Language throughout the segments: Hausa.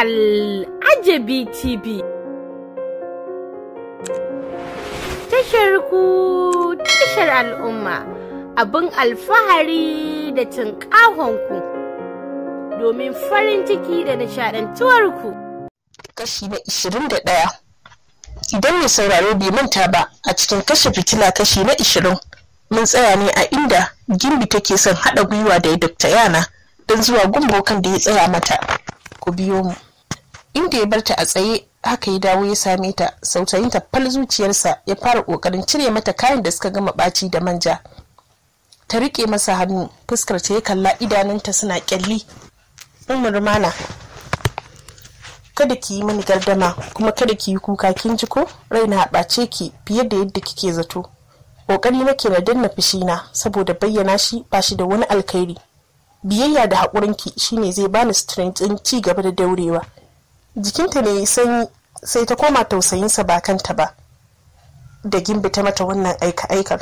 Al'ajabi TV. Tashar ku tashar al'umma abin alfahari da ku domin farin ciki da nishadantuwar ku. Kashi na ishirin da ɗaya. Idan mai sauraro bai manta ba a cikin kashe fitila kashi na ishirin mun tsaya ne a inda gimbi take son haɗa gwiwa da ya yana don zuwa gumbo kan da ya tsaya mata. ku biyo mu. inda ya barta a tsaye haka ya dawo ya same ta sautayin ta fal zuciyarsa ya fara kokarin cire mata kayan da suka gama ɓaci da manja ta rike masa hannu fuskar ta ya kalla idanunta suna kyalli umar mana kada ki yi mini gardama kuma kada ki yi kuka kin ji ko raina ɓace ki fiye da yadda kike zato kokari nake na danna fushi na saboda bayyana shi ba shi da wani alkhairi biyayya da haƙurinki shine zai bani strength in ci gaba da daurewa jikinta ne sanyi sai ta koma tausayinsa ba kanta ba da gimbi ta mata wannan aika-aikar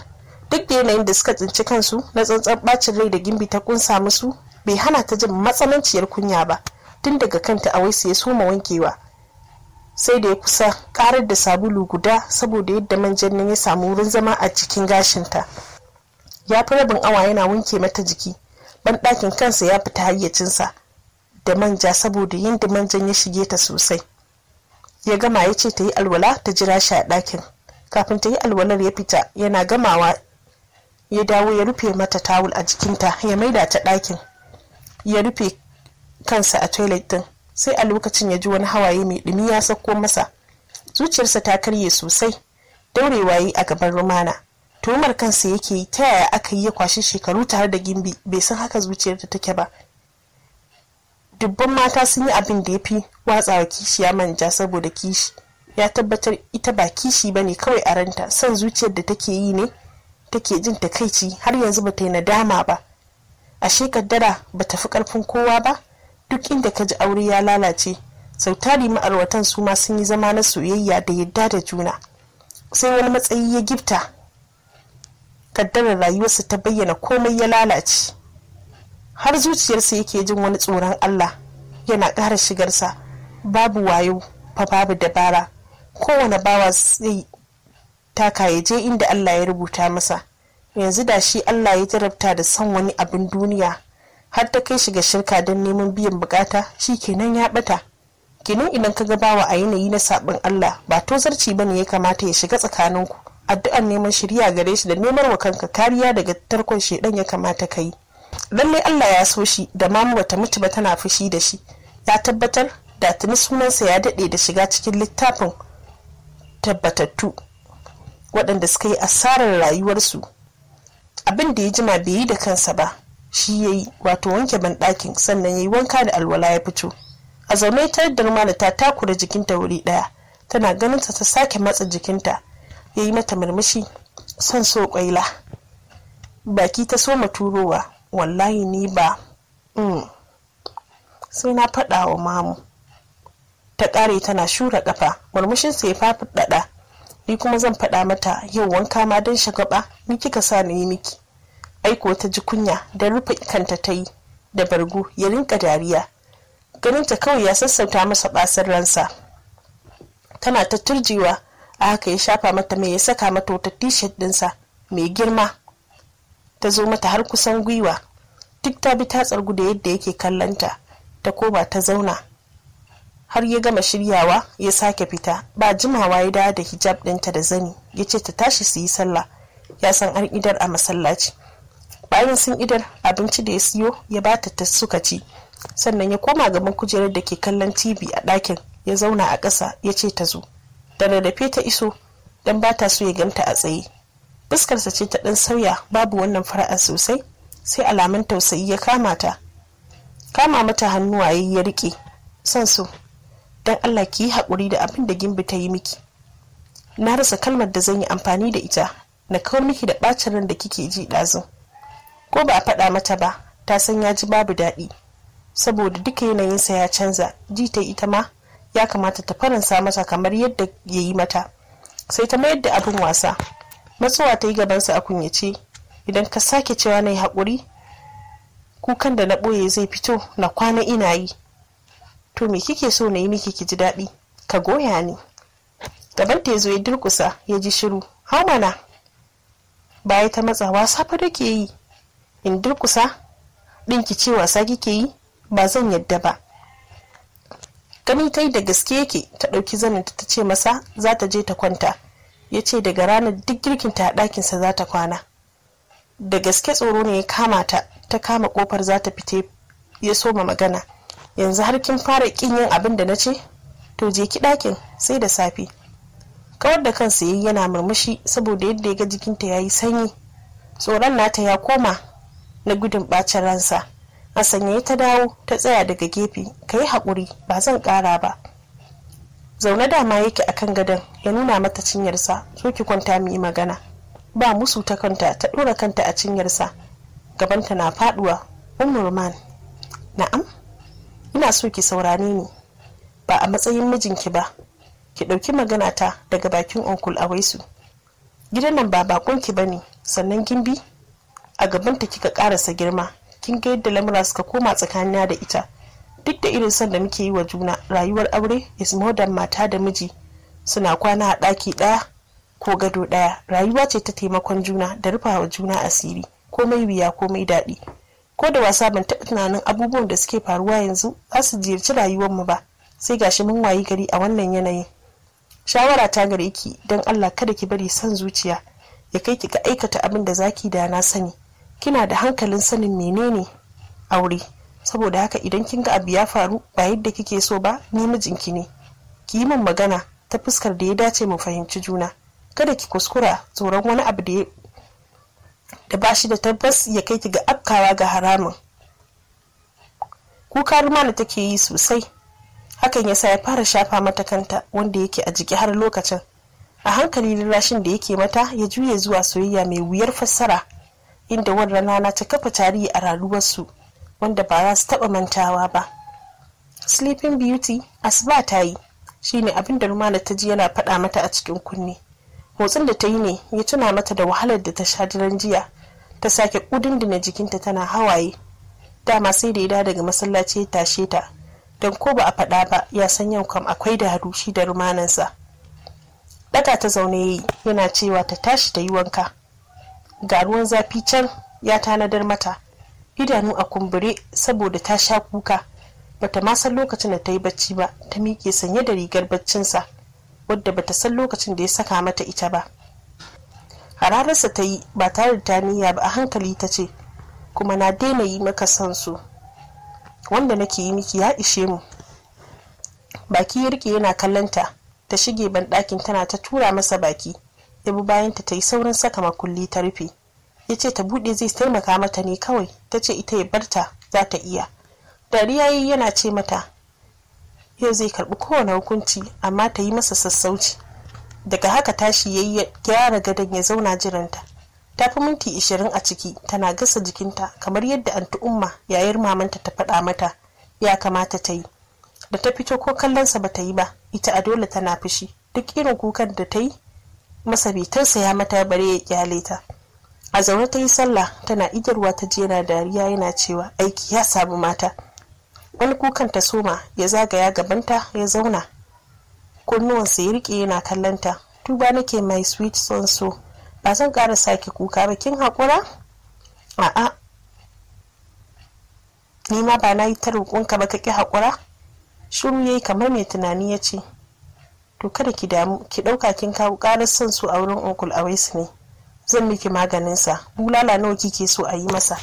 duk da yanayin da suka tsinci kansu na tsantsan bacin rai da gimbi ta kunsa musu bai hana ta jin matsananciyar kunya ba tun daga kanta a waisu ya soma wankewa sai da ya kusa karar da sabulu guda saboda yadda manjan nan ya samu wurin zama a cikin gashinta ya fi rabin awa yana wanke mata jiki ban ɗakin kansa ya fita hayyacinsa da manja saboda yin manjan ya shige ta sosai ya gama ya ce ta yi alwala ta jira shi a ɗakin kafin ta yi alwalar ya fita yana gamawa ya dawo ya rufe mata tawul a jikinta ya maida ta ɗakin ya rufe kansa a toilet din sai a lokacin ya ji wani hawaye mai ɗumi ya sauko masa zuciyarsa ta karye sosai daurewa yi a gaban rumana tuhumar kansa yake yi ta yaya aka yi ya kwashi shekaru tare da gimbi bai san haka zuciyarta take ba dubban mata sun yi abin da ya fi watsawa kishiya manja saboda kishi ya tabbatar ita ba kishi ba ne kawai a ranta son zuciyar da take yi ne take jin takaici har yanzu ba ta yi nadama ba ashe kaddara ba ta fi karfin kowa ba duk inda ka ji aure ya lalace sau tari ma'arwatan su ma sun yi zama na soyayya da yadda da juna sai wani matsayi ya gifta kaddarar rayuwarsa ta bayyana komai ya lalace har zuciyarsa yake jin wani tsoron Allah yana ƙara shigarsa babu wayo fa babu dabara kowane bawa zai taka ya je inda Allah ya rubuta masa yanzu da shi Allah ya jarabta da son wani abin duniya har ta kai shi ga shirka don neman biyan bukata shi kenan ya bata kenan idan ka wa a yanayi na sabon Allah ba to ba ne ya kamata ya shiga tsakaninku addu'ar neman shirya gare shi da neman wa kanka kariya daga tarkon shedan ya kamata ka yi lallai allah ya so shi da mamu wata mutu ba tana fushi da shi ya tabbatar da tuni sunansa ya daɗe da shiga cikin littafin tabbatattu waɗanda suka yi asarar rayuwarsu abin da ya jima bai yi da kansa ba shi ya yi wato wanke banɗakin sannan ya yi wanka da alwala ya fito a zaune ta yadda rumana ta takura jikinta wuri ɗaya tana ganin ta sake matsa jikinta ya yi mata murmushi son so kwaila baki ta soma turowa wallahi ni ba mm. sai na faɗa wa mamu ta ƙare tana shura ƙafa murmushin sai faɗaɗa ni kuma zan faɗa mata yau wanka ma don shagaba ni kika sa ni miki aiko ta ji kunya da rufe kanta ta yi da bargo ya rinka dariya ta kawai ya sassauta masa basar ransa tana ta turjewa a haka ya shafa mata mai ya saka mata wata t-shirt dinsa mai girma ta zo mata har kusan gwiwa duk ta bi ta tsargu da yadda yake kallanta ta koba ta zauna har ya gama shiryawa ya sake fita ba jimawa ya dawo da hijab ɗinta da zani ya ce ta tashi su yi sallah ya san an idar a masallaci bayan sun idar abinci da ya siyo ya ba ta suka ci sannan ya koma gaban kujerar da ke kallon tv a ɗakin ya zauna a ƙasa ya ce ta zo da rarrafe ta iso dan ba ta so ya ganta a tsaye fuskarsa ce ta ɗan sauya babu wannan fara'a sosai sai alamun tausayi ya kama ta kama mata hannuwaye ya riƙe son su don allah ki yi haƙuri da abin da gimbi ta yi miki na rasa kalmar da zan yi amfani da ita na kawo miki da ɓacin ran da kike ji ɗazu ko ba a faɗa mata ba ta san ya ji babu daɗi saboda duka yanayinsa ya canza ji ta ita ma ya kamata ta faransa mata kamar yadda ya yi mata sai ta mayar da abin wasa matsuwa ta yi gabansa a kunyace idan ka sake cewa na yi haƙuri kukan da na ɓoye zai fito na kwana ina yi to me kike so na yi miki ki ji daɗi ka goya ni gaban ta zo ya durkusa ya ji shiru hau mana baya ta matsawa safe da ke yi in durkusa ki ce wasa kike yi ba zan yadda ba gani ta da gaske yake ta ɗauki zanen ta ce masa za ta je ta kwanta ya ce daga ranar duk girkinta a ɗakinsa za ta kwana da gaske tsoro ne ya kama ta ta kama kofar za ta fite ya soma magana yanzu har kin fara kin yin abin da na ce to je ki ɗakin sai da safe kawar da kansa yayi yana murmushi saboda yadda ya ga jikinta ya yi sanyi tsoron nata ya koma na gudun bacin ransa a sanyaye ta dawo ta tsaya daga gefe ka yi haƙuri ba zan ƙara ba zaune dama yake kan gadon ya nuna mata cinyarsa so ki kwanta mu yi magana ba musu ta kanta ta ɗora kanta a cinyarsa gabanta na faɗuwa umurman na'am ina so ki saurare ni ba a matsayin mijinki ba ki ɗauki magana ta daga bakin onkul a waisu gidan nan ba bakonki ba ne sannan gimbi a gabanta kika ƙarasa girma kin ga yadda lamura suka koma tsakanina da ita duk da irin son da muke yi wa juna rayuwar aure is more than mata da miji suna kwana a ɗaki ɗaya ko gado ɗaya rayuwa ce ta taimakon juna da rufawa juna asiri komai wuya komai daɗi ko da wasa ban taɓa tunanin abubuwan da suke faruwa yanzu za su rayuwar mu ba sai gashi mun wayi gari a wannan yanayin shawara ta gare ki don allah kada ki bari son zuciya ya kai ki ga aikata abin da zaki da na sani kina da hankalin sanin menene aure saboda haka idan kin ga abu ya faru ba yadda kike so ba ni mijinki ne ki yi min magana ta fuskar da ya dace mu fahimci juna kada ki kuskura tsoron wani abu da da ba shi da tabbas ya kai ki ga afkawa ga haramun kuka da take yi sosai hakan yasa ya fara shafa mata kanta wanda yake a jiki har lokacin a hankali rashin da yake mata ya juye zuwa soyayya mai wuyar fassara inda wannan rana ta kafa tarihi a rayuwarsu wanda ba za su taɓa mantawa ba sleeping beauty asuba ta yi Shi ne abin da rumana ta ji yana faɗa mata a cikin kunne motsin da ta yi ne ya tuna mata da wahalar da ta sha daren jiya ta sake na jikinta tana hawaye dama sai da ya daga masallaci ya tashe ta don ko ba a faɗa ba ya san yau kam akwai da harushi da rumanansa daga ta zaune yi yana cewa ta tashi ta yi wanka ga ruwan zafi can ya tanadar mata idanu a kumbure saboda ta sha kuka bata ma san lokacin da ta yi bacci ba ta miƙe sanye da rigar baccinsa wadda bata san lokacin da ya saka mata ita ba hararsa ta yi ba tare da taniya ba a hankali ta ce kuma na daina yi maka son su wanda nake yi miki ya ishe mu baki ya rike yana kallonta ta shige ban tana ta tura masa baki ya bayanta ta yi saurin saka makulli ta rufe ya ce ta buɗe zai taimaka mata ne kawai ta ce ita ya barta za ta iya dariya yi yana ce mata yau zai karɓi kowane hukunci amma ta yi masa sassauci daga haka tashi ya yi gyara gadon ya zauna jiranta ta fi minti ishirin a ciki tana gasa jikinta kamar yadda anti umma yayar mamanta ta faɗa mata ya kamata ta yi da ta fito ko kallonsa ba ta yi ba ita a dole tana fushi duk irin kukan da ta yi masa bai tausaya mata bare ya kyale ta a zaune ta yi sallah tana igirwa ta jera dariya yana cewa aiki ya samu mata wani kukan ta soma ya zagaya gabanta ya zauna kunnuwansa ya rike yana kallanta tuba nake mai sweet son so ba zan kara sake kuka ba kin haƙura a'a ni ma ba na yi ta roƙonka ba ka ki haƙura shiru yayi kamar mai tunani ya ce to kada ki damu ki ɗauka kin kawo ƙarar son su a wurin onkul awaisu ne zan miki maganinsa bulala nawa kike so a yi masa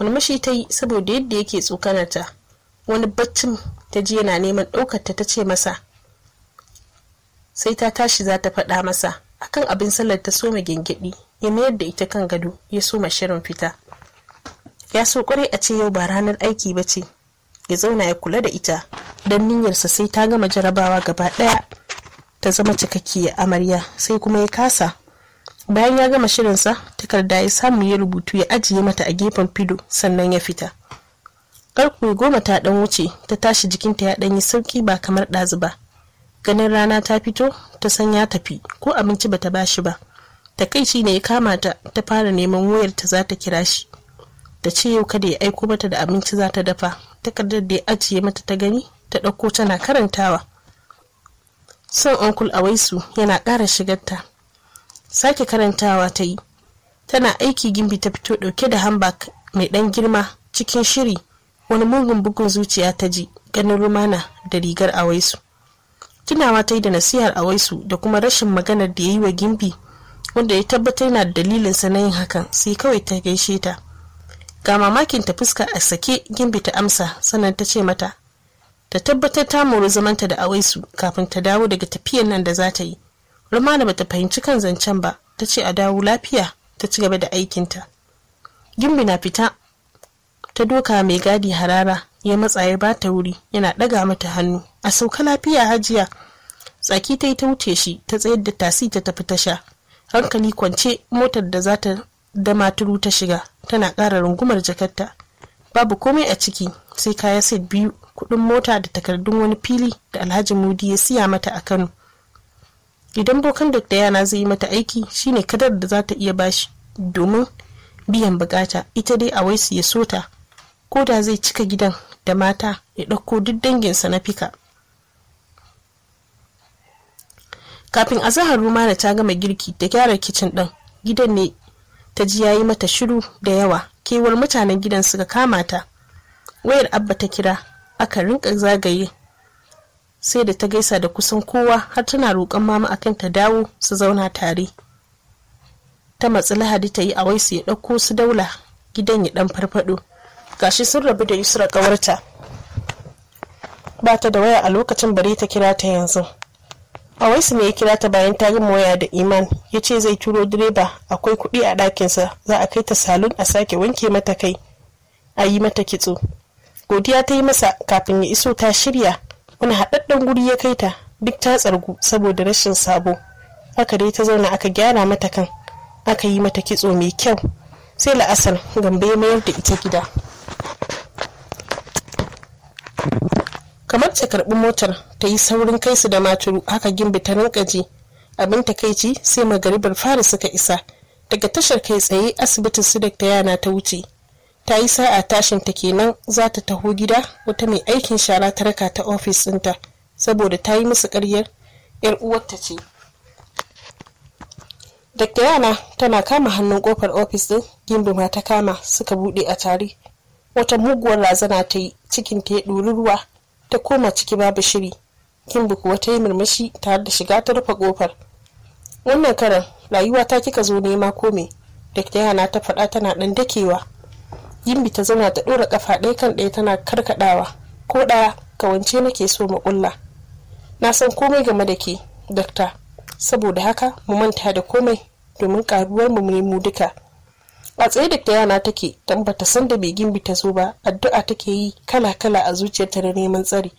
murmushi ta yi saboda yadda yake tsokanarta wani baccin ta ji yana neman ɗaukarta ta ce masa sai ta tashi za ta faɗa masa akan abin sallar ta soma gyangyaɗi ya mayar da ita kan gado ya soma shirin fita ya so kwarai a ce yau ba ranar aiki ba ce ya zauna ya kula da ita don niyyarsa sai ta gama jarabawa gaba ɗaya ta zama cikakkiya amarya sai kuma ya kasa bayan ya gama shirinsa takarda ya samu ya rubutu ya ajiye mata a gefen fido sannan ya fita karfe goma ta dan wuce ta tashi jikinta ya dan yi sauki ba kamar ɗazu ba ganin rana ta fito ta san ya tafi ko abinci bata ba shi ba takaici ne ya kama ta ta fara neman wayar ta za ta kira shi ta ce yau kada ya aiko mata da abinci za ta dafa takardar da ya ajiye mata ta gani ta ɗauko tana karantawa son uncle awaisu yana ƙara shigarta sake karantawa ta yi tana aiki gimbi ta fito dauke da hanbak mai dan girma cikin shiri wani mugun bugun zuciya ta ji ganin rumana da rigar awaisu tunawa ta yi da nasihar awaisu da kuma rashin maganar da ya yi wa gimbi wanda ya tabbatar yana da dalilinsa na yin hakan sai kawai ta gaishe ta ga mamakin ta fuska a sake gimbi ta amsa sannan ta ce mata ta tabbatar ta mori zamanta da awaisu kafin ta dawo daga tafiyan nan da za ta yi rumana bata fahimci kan zancen ba ta ce a dawo lafiya ta ci gaba da aikinta gimbi na fita ta doka mai gadi harara ya matsa ya ba ta wuri yana ɗaga mata hannu a sauka lafiya hajiya tsaki ta yi ta wuce shi ta tsayar da tasi ta tafi tasha hankali kwance motar da za ta dama turu ta shiga tana ƙara rungumar jakarta babu komai a ciki sai kaya set biyu kuɗin mota da takardun wani fili da alhaji mudi ya siya mata a kano idan bokan da yana zai yi mata aiki shine kadar da za ta iya bashi domin biyan bukata ita dai a su ya so ta ko da zai cika gidan da mata ya ɗauko duk danginsa na fika kafin azahar rumana ta gama girki da gyara kicin ɗin gidan ne ta ji ya yi mata shiru da yawa kewar mutanen gidan suka kama ta wayar abba ta kira aka rinka zagaye sai da ta gaisa da kusan kowa har tana roƙon mama akan ta dawo su zauna tare ta matsi lahadi ta yi a waisu ya ɗauko su daula gidan ya ɗan farfaɗo gashi sun rabu da yusra ƙawarta bata da waya a lokacin bare ta kira ta yanzu a waisu ne ya kira ta bayan ta gama waya da iman ya ce zai turo direba akwai kuɗi a ɗakinsa za a kai ta salon a sake wanke mata kai a yi mata kitso godiya ta yi masa kafin ya iso ta shirya wani haɗaɗɗen guri ya kai ta duk ta tsargu saboda rashin sabo haka dai ta zauna aka gyara mata kan aka yi mata kitso mai kyau sai la'asar gambe ya mayar da ita gida kamar ta karɓi motar ta yi saurin kai su da maturu haka gimbi ta rinka ji abin takaici sai magaribar fara suka isa daga tashar kai tsaye asibitin su da yana ta wuce ta yi sa'a tashin ta kenan za ta taho gida wata mai aikin shara ta raka ta ofis ɗinta saboda ta yi musu ƙaryar yar uwarta ce dakta yana tana kama hannun kofar ofis ɗin gimbima ta kama suka buɗe a tare wata muguwar razana ta yi cikin ta ya ɗori ruwa ta koma ciki babu shiri gimbi kuwa ta yi murmushi tare da shiga ta rufe kofar wannan karan rayuwa ta kika zo nema ko me dakta yana ta faɗa tana ɗan dakewa gimbi ta zauna ta ɗora ƙafa ɗaya kan ɗaya tana karkaɗawa ko ɗaya kawance nake so mu ƙulla na san komai game da ke dakta saboda haka mu manta da komai domin karuwar mu mu duka a tsaye dakta yana take dan bata san da bai gimbi ta zo ba addu'a take yi kala kala a zuciyarta da neman tsari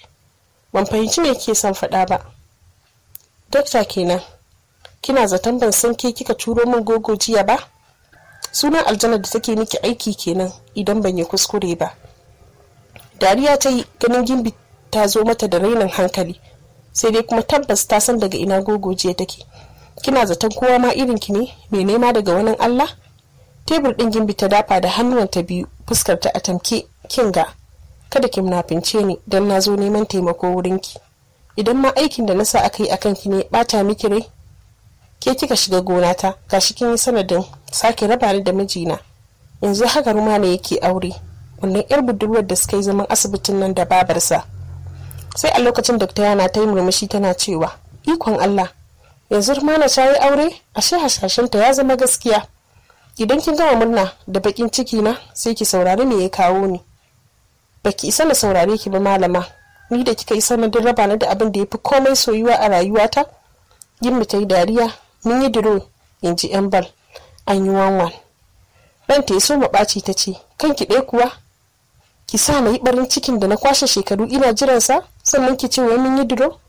ban fahimci me ke son faɗa ba dakta kenan kina zaton ban san ke kika turo min gogo jiya ba sunan aljanar da take miki aiki kenan idan ban yi kuskure ba dariya ta yi ganin gimbi ta zo mata da rainin hankali sai dai kuma tabbas ta san daga ina gogo jiya take kina zaton kowa ma irin ki ne mai nema daga wani allah tebur ɗin gimbi ta dafa da ta biyu fuskar ta a tamke kinga kada ki munafince ni don na zo neman taimako wurinki idan ma aikin da na sa aka yi akan ki ne bata miki rai ke kika shiga gona gonata gashi kin yi sanadin sake raba ni da mijina yanzu haka ruma ne yake aure wannan yar budurwar da suka yi zaman asibitin nan da babarsa sai a lokacin dokta yana ta yi murmushi tana cewa ikon allah yanzu rumana ta yi aure ashe ta ya zama gaskiya idan kin gama murna da bakin ciki na sai ki saurari me ya kawo ni baki isa na saurare ki ba malama ni da kika yi sanadin raba ni da abin da ya fi komai soyuwa a rayuwata yin mu ta yi dariya mun yi duro in ji yan bal an yi wanwan ranta ya so ɓaci ta ce kanki ɗaya kuwa ki sa na yi ɓarin cikin da na kwashe shekaru ina jiran sa sannan ki ce wai mun yi duro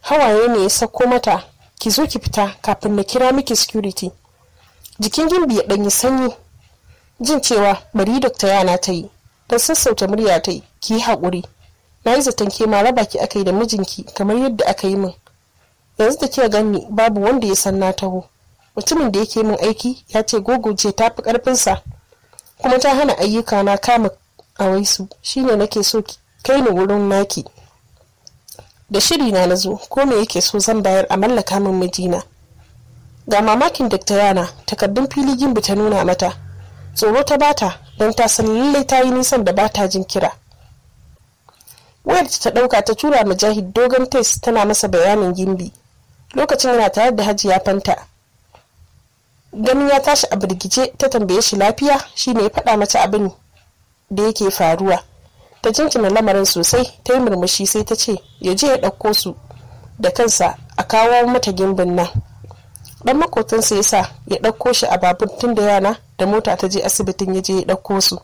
hawaye ne ya sako mata ki zo ki fita kafin na kira miki security jikin gimbi ya ɗanyi sanyi jin cewa bari dokta yana ta yi don sassauta murya ta yi ki yi haƙuri na yi zaton ke ma raba ki aka yi da mijinki kamar yadda aka yi min yanzu da ke ganni babu wanda ya san na taho mutumin da yake min aiki ya ce gogoce ta fi karfinsa kuma ta hana ayyuka na kama a waisu shine nake so kai ni wurin naki da shiri na nazo ko me yake so zan bayar a mallaka min mijina ga mamakin dakta yana takardun fili gimbi ta nuna mata tsoro ta bata don ta san lallai ta yi nisan da bata jin kira wayar ta dauka ta tura mujahid dogon tes tana masa bayanin gimbi lokacin yana tare da hajiya fanta ganin ya tashi a birgice ta tambaye shi lafiya shine ya faɗa mata abin da yake faruwa ta jinkina lamarin sosai ta yi murmushi sai ta ce ya je ya ɗauko su da kansa a kawo mata gimbin nan ɗan makotansa ya sa ya ɗauko shi a babur tun da yana da mota ta je asibitin ya je ya ɗauko su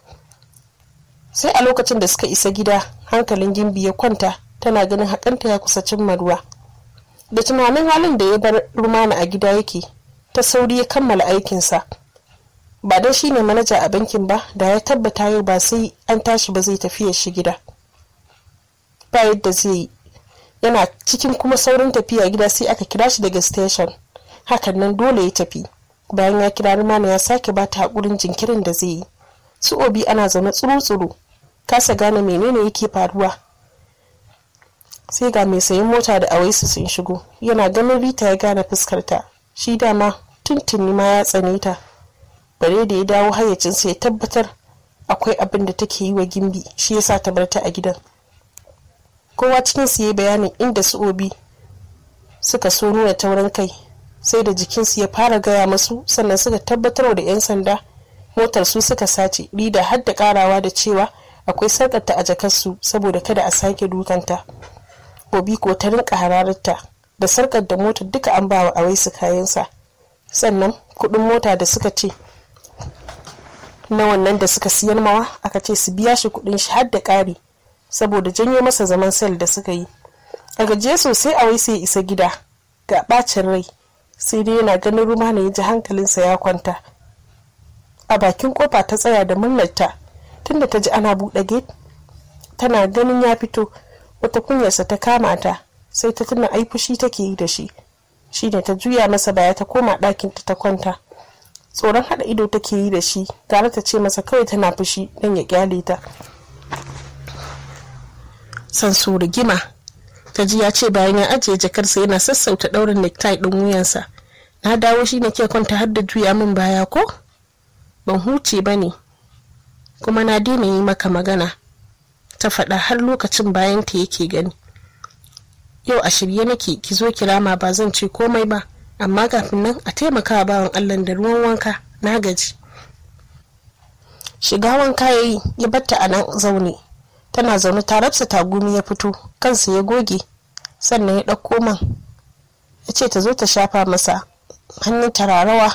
sai a lokacin da suka isa gida hankalin gimbi ya kwanta tana ganin haƙanta ya kusa cimma ruwa da tunanin halin da ya bar rumana a gida yake ta sauri ya kammala aikinsa ba dai shine manaja a bankin ba da ya tabbata yau ba sai an tashi ba zai tafiya shi gida ba yadda zai yi yana cikin kuma saurin tafiya gida sai aka kira shi daga station hakan nan dole ya tafi bayan ya kira rumana ya sake ba ta haƙurin jinkirin da zai yi su obi ana zaune tsuru-tsuru kasa gane menene yake faruwa sai ga mai sayin mota da awaisu sun shigo yana ganin rita ya gane fuskarta shi dama tuntuni ma ya tsane ta bare da ya dawo hayyacinsa ya tabbatar akwai abin da take yi wa gimbi shi yasa ta bar ta a gidan kowa cikin su yi bayanin inda su obi suka so nuna taurin kai sai da jikinsu ya fara gaya masu sannan suka tabbatar da 'yan sanda motar su suka sace rida har da karawa da cewa akwai sarkarta a jakarsu saboda kada a sake dukanta obi ko ta rinka hararta da sarkar da motar duka an bawa a waisu kayansa sannan kudin mota da suka ce na wannan da suka siyan mawa aka ce su biya shi kudin shi har da ƙari saboda janyo masa zaman sel da suka yi a gaje sosai a wai sai isa gida ga bacin rai sai dai yana ganin ne ya ji hankalinsa ya kwanta a bakin kofa ta tsaya da murnarta tunda ta ji ana buɗe gate tana ganin ya fito wata kunyarsa ta kama ta sai ta tuna ai fushi take yi da shi shi ne ta juya masa baya ta koma ɗakin ta ta kwanta tsoron haɗa ido take yi da shi tare ta ce masa kawai tana fushi don ya kyale ta sansu rigima ta ji ya ce bayan ya ajiye jakarsa yana sassauta ɗaurin nektai ɗin wuyansa na dawo shi ne ke kwanta har da juya min baya ko ban huce ba ne kuma na daina yi maka magana ta faɗa har lokacin bayan ta yake gani yau a shirye nake ki zo kirama ba zan ce komai ba amma kafin nan a taimaka bawan allah da ruwan wanka na gaji shiga wanka ya yi ya batta a nan zaune tana zaune ta rabsa tagumi ya fito kansa ya goge sannan ya ɗauko man ya ce ta zo ta shafa masa hannun tararawa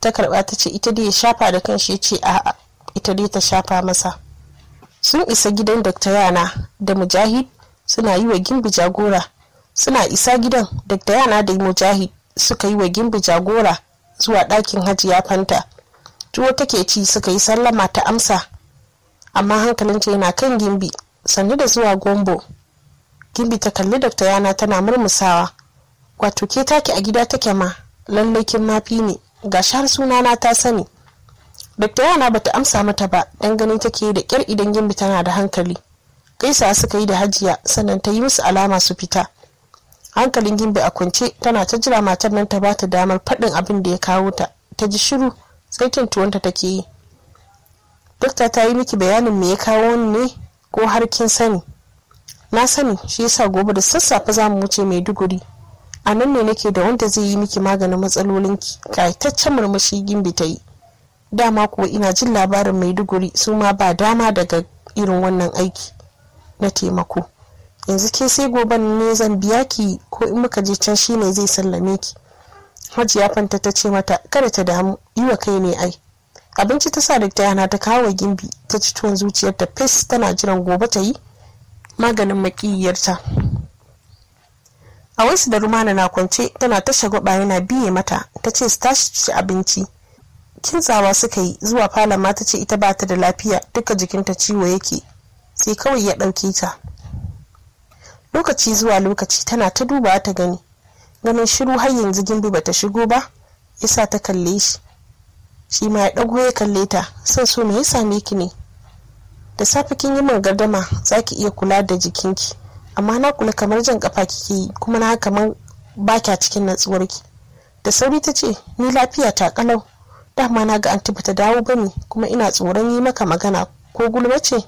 ta karɓa ta ce ita dai ya shafa da kanshi ya ce a'a ita dai ta shafa masa sun isa gidan dr yana da mujahid suna yi wa gimbi jagora suna isa gidan dr yana da mujahid suka yi wa gimbi jagora zuwa ɗakin hajiya fanta tuwo take ci suka yi sallama ta amsa amma hankalinta yana kan gimbi sannu da zuwa gombo gimbi ta kalli dr yana tana murmusawa wato ke take a gida take ma lallai kin mafi ne ga suna na ta sani dr yana bata amsa mata ba dan ganin take da kyar idan gimbi tana da hankali gaisa suka yi da hajiya sannan ta yi musu alama su fita hankalin gimbi a kwance tana ta jira matar nan ta bata damar faɗin abin da ya kawo ta ta ji shiru sai tuwanta take yi dokta ta yi miki bayanin me ya kawo ni ne ko har kin sani na sani shi yasa gobe da sassafe za mu wuce duguri a nan ne nake da wanda zai yi miki maganin matsalolinki kayataccen murmushi gimbi ta yi dama kuwa ina jin labarin maiduguri su ma ba dama daga irin wannan aiki na taimako yanzu ke sai goben ne zan biya ki ko in muka je can shine zai sallame ki hajiya fanta ta ce mata kada ta damu yi wa kai ne ai abinci ta sa dakta yana ta kawo wa gimbi ta ci tuwon zuciyar ta fes tana jiran gobe ta yi maganin makiyarta a wasu da rumana na kwance tana ta shagwaba yana biye mata ta ce su tashi ci abinci kintsawa suka yi zuwa falon mata ce ita bata da lafiya duka jikinta ciwo yake sai kawai ya ɗauke ta lokaci zuwa lokaci tana ta duba ta gani ganin shiru har yanzu gimbi bata shigo ba yasa ta kalle shi shi ma ya ɗago ya kalle ta son so me ya same ki ne da safe kin yi min gardama za ki iya kula da jikinki amma na kula kamar jan kafa kike yi kuma na kamar ba kya cikin natsuwarki da sauri ta ce ni lafiya ta kalau dama na ga anti bata dawo bane kuma ina tsoron yi maka magana ko gulma ce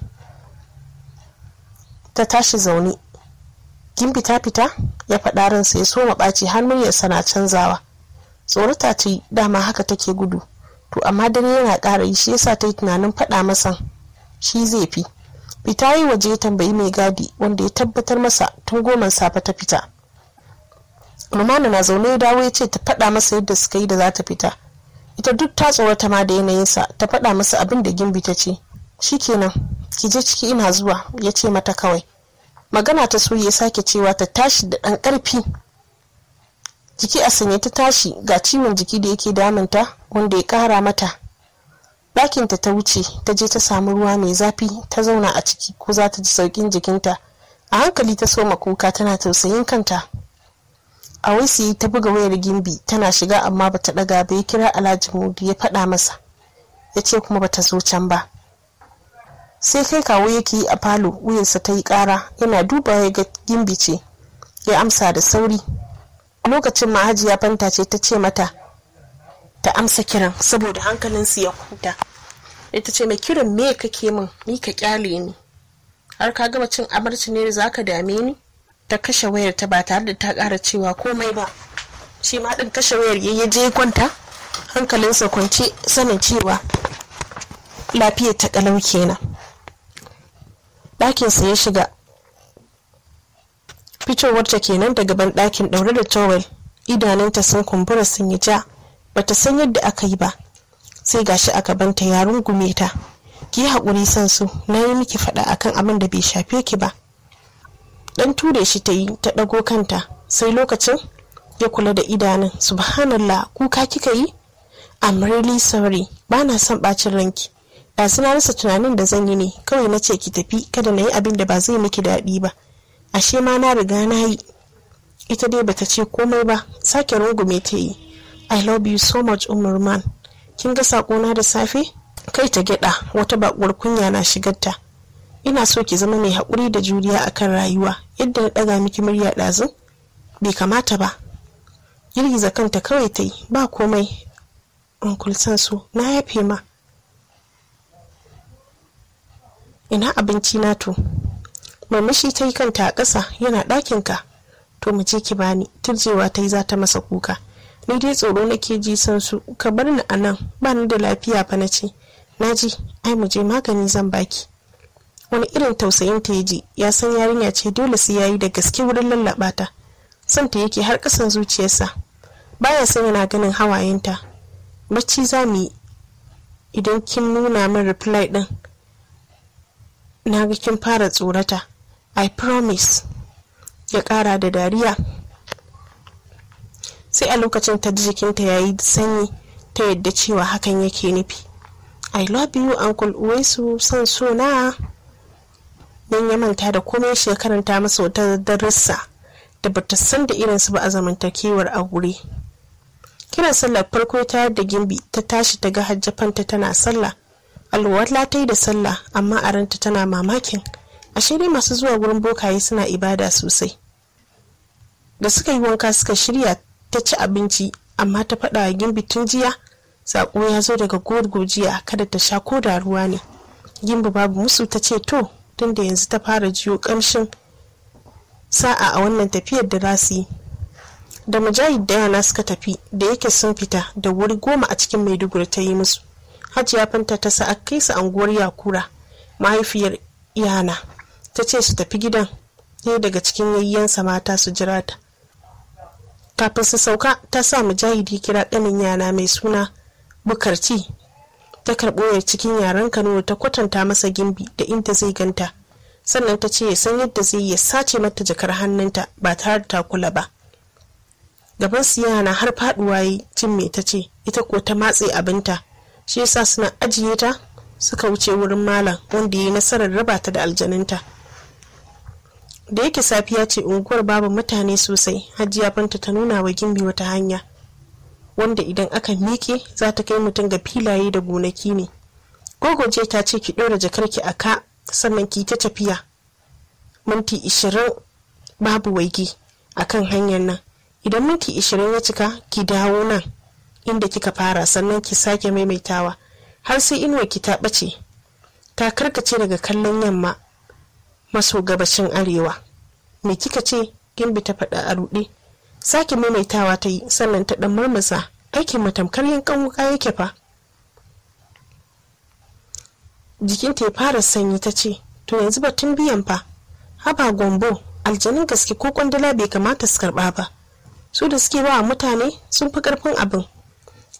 ta tashi zaune kin fita fita ya faɗa ransa ya soma ɓaci har ya na canzawa tsorata ce dama haka take gudu to amma dare yana ƙara yi shi yasa ta yi tunanin faɗa masa shi zai fi fita yi waje ya tambayi mai gadi wanda ya tabbatar masa tun goma safe ta fita lumana na zaune ya dawo ya ce ta faɗa masa yadda suka yi da za ta fita ita duk ta tsorata ma da yanayinsa ta faɗa masa abin da gimbi ta ce shi kenan, ki je ciki ina zuwa ya ce mata kawai magana ta so ya sake cewa ta tashi da ɗan ƙarfi jiki a sanye ta tashi ga ciwon jiki da yake damunta wanda ya ƙara mata ɗakinta ta wuce ta je ta samu ruwa mai zafi ta zauna a ciki ko za ta ji sauƙin jikinta a hankali ta soma kuka tana tausayin kanta a wasu ta buga wayar gimbi tana shiga amma bata daga ba ya kira alhaji mudu ya faɗa masa ya ce kuma bata zo can ba sai kai kawo yake yi a falo wuyarsa ta yi ƙara yana duba ya ga gimbi ce ya amsa da sauri lokacin ma hajiya fanta ce ta ce mata ta amsa kiran saboda hankalinsu ya huta ita ce mai kiran me kake min ni ka kyale ni har ka gama cin amarci ne za ka dame ni ta kashe wayar ta ba tare da ta ƙara cewa komai ba shi ma ɗin kashe wayar ya je kwanta hankalinsa kwance sanin cewa lafiyar ta ƙalau kenan ɗakinsa ya shiga fitowar ta kenan daga ban ɗakin ɗaure da towel idanunta sun kumbura sun yi ja bata san yadda aka yi ba sai gashi a gabanta ya rungume ta ki haƙuri san su na yi miki faɗa akan abin da bai shafe ki ba dan ture shi ta yi ta ɗago kanta sai lokacin ya kula da idanun subhanallah kuka kika yi i'm really sorry ba na son ɓacin ranki da suna rasa tunanin da zan yi ne kawai na ce ki tafi kada na yi abin da ba zai miki daɗi ba ashe ma na riga na yi ita dai bata ce komai ba sake rungume ta yi i love you so much umm umar kin ga sakona da safe kai ta gyada wata baƙuwar kunya na shigarta ina so ki zama mai haƙuri da juriya akan rayuwa yadda na ɗaga miki murya ɗazun bai kamata ba girgiza kanta kawai ta yi ba komai unkulsan su na yafe ma ina abinci na to murmushi ta yi kanta a ƙasa yana ɗakinka to mu je ki bani turjewa ta yi za ta masa kuka ni dai tsoro nake ji su ka bar ni a nan ba ni da lafiya fa na ce na ji ai mu je magani zan baki wani irin tausayin ta ji ya san yarinya ce dole sai yayi da gaske wurin lallabata son ta yake har kasan zuciyarsa baya san yana ganin hawayenta bacci za mu yi idan kin nuna min reply din na ga kin fara tsorata i promise ya kara da dariya sai a lokacin ta jikinta yayi sanyi ta yadda cewa hakan yake nufi i love you uncle uwesu san so don ya manta da komai shi ya karanta masa wata darussa da ba ta san da irinsu ba a zamantakewar a aure kiran sallar farko ta da gimbi ta tashi ta ga hajjafanta tana sallah Alwar ta da sallah amma a ranta tana mamakin a dai masu zuwa wurin bokaye suna ibada sosai da suka yi wanka suka shirya ta ci abinci amma ta faɗa wa gimbi tun jiya saƙo ya zo daga gorgo jiya kada ta sha ko da ruwa ne gimbi babu musu ta ce to tunda yanzu ta fara jiyo kamshin sa'a a wannan tafiyar da za yi da mujahid da yana suka tafi da yake sun fita da wuri goma a cikin maiduguri ta yi musu ya fanta ta sa'a kai su anguwar yakura mahaifiyar yana ta ce su tafi gidan ne daga cikin yayyensa mata su jira ta kafin su sauka ta sa ya kira ɗanin yana mai suna bukarci ta karɓo ya cikin yaren kano ta kwatanta masa gimbi da inda zai ganta sannan ta ce ya san yadda zai ya sace mata jakar hannunta ba tare da takula ba gaban siyana har faduwa yi cin me ta ce ita ko ta matse abinta shi yasa suna ajiye ta suka wuce wurin malam wanda ya yi nasarar raba ta da aljaninta da yake safiya ce unguwar babu mutane sosai hajiya banta ta nuna wa gimbi wata hanya wanda idan aka miƙe za ta kai mutum ga filaye da gonaki ne gogoje ta ce ki ɗora jakarki a ka sannan ki ta tafiya minti ishirin babu waige a kan hanyar nan idan minti ishirin ya cika ki dawo nan inda kika fara sannan ki sake maimaitawa har sai inuwa ki ta ɓace ta karkace daga kallon yamma maso gabashin arewa me kika ce gimbi ta faɗa a ruɗe sake maimaitawa ta yi sannan ta ɗan murmusa aikin matamkar yankan wuka yake fa jikinta ya fara sanyi ta ce to yanzu batun biyan fa haba gombo aljanin gaske ko kwandala bai kamata su karba ba su da suke ba mutane sun fi karfin abin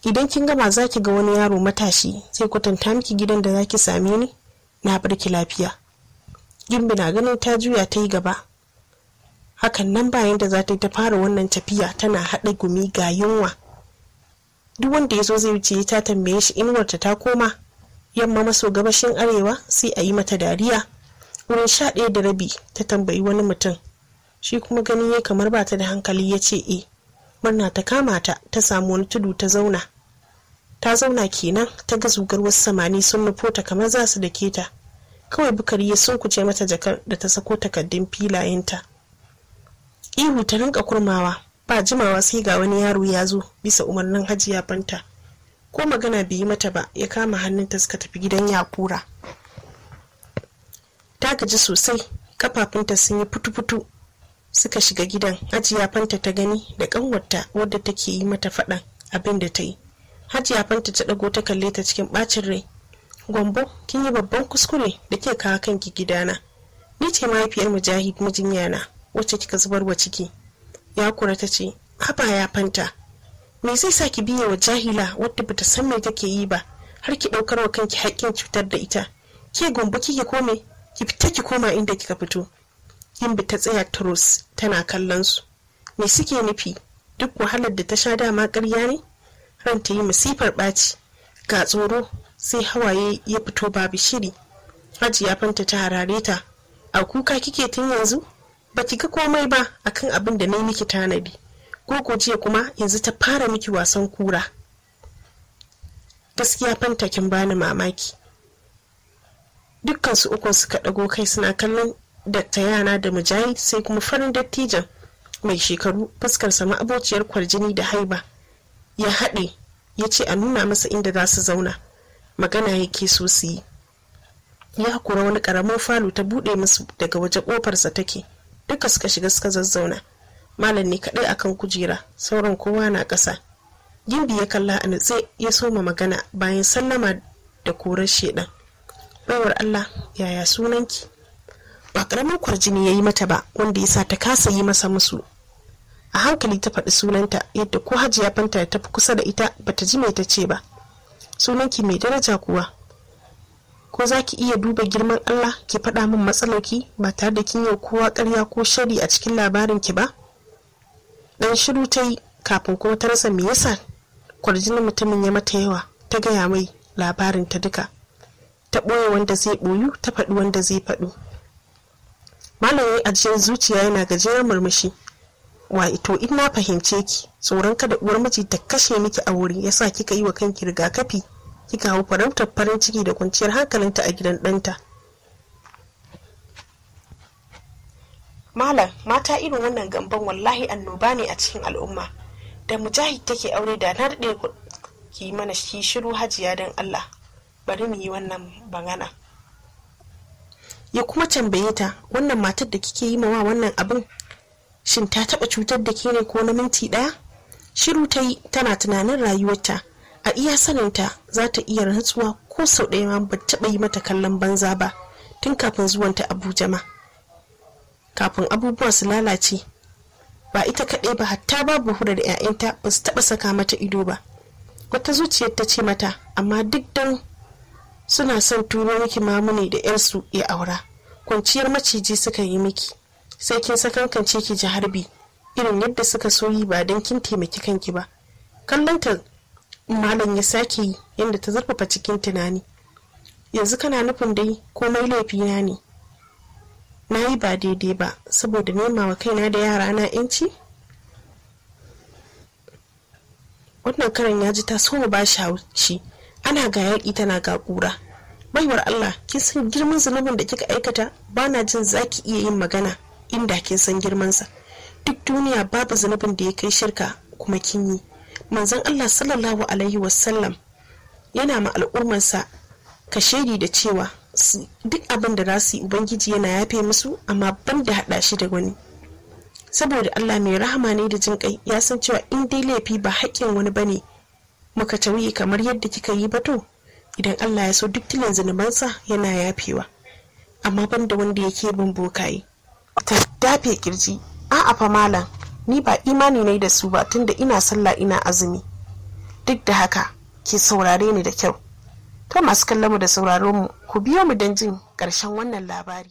idan kin gama za ki ga wani yaro matashi sai kwatanta miki gidan da za ki same ni na barki lafiya gimbi na ganin ta juya ta yi gaba hakan nan bayan da za ta yi ta fara wannan tafiya tana haɗa gumi ga yunwa duk wanda ya zo zai wuce ta tambaye shi inuwarta ta koma yamma maso gabashin arewa sai a yi mata dariya wurin sha ɗaya da rabi ta tambayi wani mutum shi kuma ganin ya kamar ba ta da hankali ya ce e murna ta kama ta ta samu wani tudu ta zauna ta zauna kenan ta ga zugar wasu samani sun nufo ta kamar za su dake ta kawai bukari ya sun kuce mata jakar da ta sako takardun filayenta ihu ta rinka kurmawa ba jimawa sai ga wani yaro ya zo bisa umarnin hajiya fanta ko magana bai yi mata ba ya kama hannunta suka tafi gidan yakura ta gaji sosai kafafunta sun yi fitu-fitu suka shiga gidan hajiya fanta ta gani da kanwarta wadda take yi mata faɗan abin da ta yi hajiya fanta ta ɗago ta kalle ta cikin ɓacin rai gombo kin yi babban kuskure da ke kawo kanki gidana ni ce mahaifiyar mujahid mijinyana na. wacce kika zubar wa ciki ya kura ta ce haba ya fanta me zai sa ki biya wa jahila wadda bata san me take yi ba har ki daukar wa kanki haƙƙin cutar da ita ke gombe kike kome ki fita ki koma inda kika fito yimbi ta tsaya turus tana kallon su me suke nufi duk wahalar da ta sha dama ƙarya ne ran ta yi masifar ɓaci ga tsoro sai hawaye ya fito babu shiri hajiya fanta ta harare ta a kuka kike tun yanzu Ba baki ga komai ba akan abin da na yi miki tanadi ko jiya kuma yanzu ta fara miki wasan kura gaskiya fanta kin bani mamaki dukkan su uku suka ɗago kai suna kallon datta yana da mujayi sai kuma farin dattijan mai shekaru fuskar sama abociyar kwarjini da haiba ya haɗe ya ce a nuna masa inda za su zauna magana yake so su yi ya hakura wani ƙaramin falo ta buɗe musu daga waje ƙofarsa take duka suka shiga suka zazzauna malam ne kaɗai akan kujera sauran kowa na ƙasa gimbi ya kalla a nutse ya soma magana bayan sallama da korar shedan baiwar allah yaya sunanki ba ƙaramin kwarjini ya yi mata ba wanda ya sa ta kasa yi masa musu a hankali ta faɗi sunanta yadda ko hajiya fanta ta tafi kusa da ita bata ji mai ta ce ba sunanki mai daraja kuwa ko za ki iya duba girman Allah ki faɗa min matsalarki ba tare da kin yi kowa ƙarya ko shari a cikin labarin ki ba dan shiru ta yi kafin kuma ta rasa me yasa kwarjinin mutumin ya mata yawa ta gaya mai labarin ta duka ta ɓoye wanda zai ɓoyu ta faɗi wanda zai faɗi malamin ajiyar zuciya yana gajeren murmushi wa ito in na fahimce ki tsoron kada uwar miji ta kashe miki a wuri yasa kika yi wa kanki rigakafi kika hau farautar farin ciki da kwanciyar hankalinta a gidan ɗanta malam mata irin wannan gamban wallahi annoba ne a cikin al'umma da mujahid take aure da na daɗe ki mana shi shiru hajiya don allah bari mu yi wannan bangana. ya kuma tambaye ta wannan matar da kike yi mawa wannan abin shin ta taɓa cutar da ke ne ko na minti ɗaya shiru ta yi tana tunanin rayuwarta a iya saninta za ta iya rantsuwa ko sau ɗaya ma ba taɓa yi mata kallon banza ba tun kafin zuwanta abuja ma kafin abubuwa su lalace ba ita kaɗai ba hatta babu hura da 'ya'yanta ba su taɓa saka mata ido ba wata zuciyar ta ce mata amma duk dan suna son turo miki mamuni da 'yarsu ya aura kwanciyar maciji suka yi miki sai kin sakankance ki ji harbi irin yadda suka so yi ba don kin taimaki kanki ba kallon ta malam ya sake yi yadda ta zurfafa cikin tunani yanzu kana nufin dai komai laifi na ne na yi ba daidai ba saboda nema wa kaina da yara na yanci wannan karan ya ji ta so ba shi hauci ana ga yaƙi tana ga ƙura baiwar allah kin san girman zunubin da kika aikata ba na jin za ki iya yin magana inda kin san girmansa duk duniya babu zunubin da ya kai shirka kuma kin yi manzon Allah sallallahu alaihi wasallam yana ma al'ummarsa shaidi da cewa duk abin da za su yi ubangiji yana yafe musu amma ban da haɗa shi da wani saboda Allah mai rahama ne da jin kai ya san cewa in dai laifi ba haƙƙin wani bane muka tauye kamar yadda kika yi ba to idan Allah ya so duk tilin zunubansa yana yafewa amma ban da wanda yake bin bokaye ta dafe kirji a'a fa malam ni ba imani ne da su ba tunda ina sallah ina azumi duk da haka ke saurare ni da kyau Ta masu kallon mu da sauraron mu ku biyo mu don jin ƙarshen wannan labari